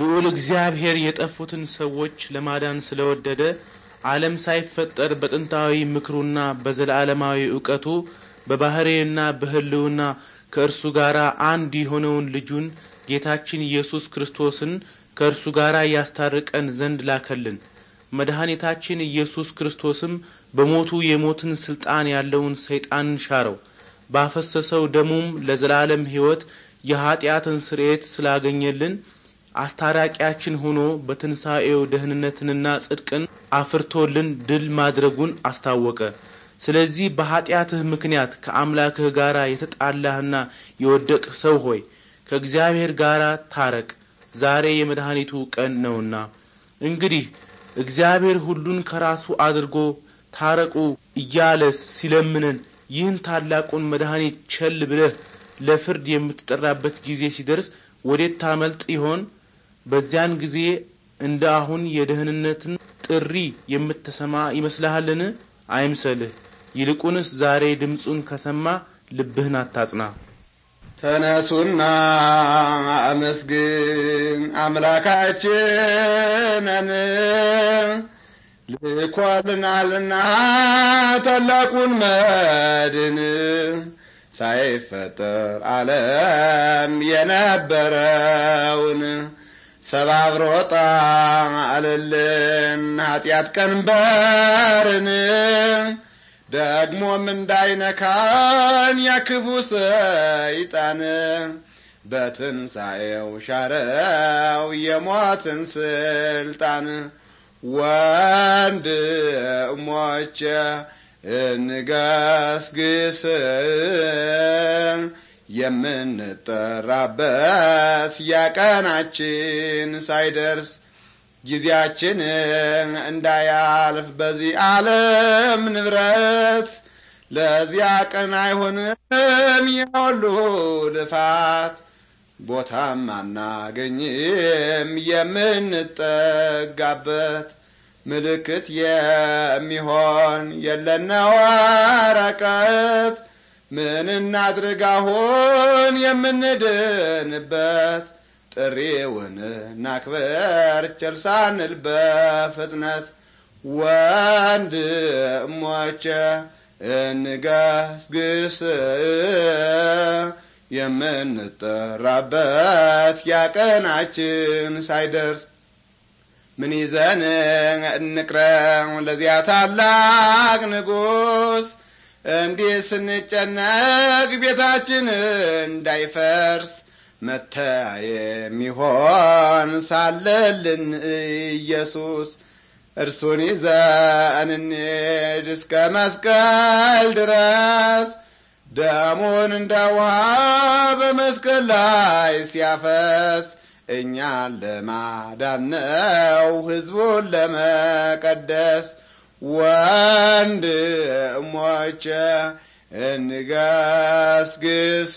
ልዑል እግዚአብሔር የጠፉትን ሰዎች ለማዳን ስለወደደ ዓለም ሳይፈጠር በጥንታዊ ምክሩና በዘላለማዊ እውቀቱ በባህሬና በህልውና ከእርሱ ጋር አንድ የሆነውን ልጁን ጌታችን ኢየሱስ ክርስቶስን ከእርሱ ጋር ያስታርቀን ዘንድ ላከልን። መድኃኒታችን ኢየሱስ ክርስቶስም በሞቱ የሞትን ስልጣን ያለውን ሰይጣንን ሻረው። ባፈሰሰው ደሙም ለዘላለም ሕይወት የኀጢአትን ስርየት ስላገኘልን አስታራቂያችን ሆኖ በትንሣኤው ደህንነትንና ጽድቅን አፍርቶልን ድል ማድረጉን አስታወቀ። ስለዚህ በኀጢአትህ ምክንያት ከአምላክህ ጋር የተጣላህና የወደቅህ ሰው ሆይ ከእግዚአብሔር ጋር ታረቅ፣ ዛሬ የመድኃኒቱ ቀን ነውና። እንግዲህ እግዚአብሔር ሁሉን ከራሱ አድርጎ ታረቁ እያለ ሲለምነን ይህን ታላቁን መድኃኒት ቸል ብለህ ለፍርድ የምትጠራበት ጊዜ ሲደርስ ወዴት ታመልጥ ይሆን? በዚያን ጊዜ እንደ አሁን የደህንነትን ጥሪ የምትሰማ ይመስልሃልን? አይምሰልህ። ይልቁንስ ዛሬ ድምፁን ከሰማ ልብህን አታጽና። ተነሱና አመስግን አምላካችንን ልኮልናልና ታላቁን መድን ሳይፈጠር ዓለም የነበረውን ሰባብሮጣ ጣልልን ኃጢአት ቀንበርን ደግሞም እንዳይነካን ያክፉ ሰይጣን በትንሣኤው ሻረው የሞትን ስልጣን። ወንድሞቼ እንገስግስ የምንጠራበት የቀናችን ሳይደርስ ጊዜያችን እንዳያልፍ በዚህ ዓለም ንብረት ለዚያ ቀን አይሆንም የሁሉ ልፋት ቦታም አናገኝም የምንጠጋበት ምልክት የሚሆን የለነዋ ረቀት ምን እናድርግ አሁን የምንድንበት? ጥሪውን ናክበር ቸል ሳንል በፍጥነት ወንድሞቼ እንገስግስ የምንጠራበት ያቀናችን ሳይደርስ ምን ይዘን እንቅረም ለዚያ ታላቅ ንጉሥ እንዲህ ስንጨነቅ ቤታችን እንዳይፈርስ መተ የሚሆን ሳለልን ኢየሱስ እርሱን ይዘን እንሂድ እስከ መስቀል ድረስ ደሙን እንደ ውሃ በመስቀል ላይ ሲያፈስ እኛን ለማዳነው ሕዝቡን ለመቀደስ ወንድሞቼ እንገስግስ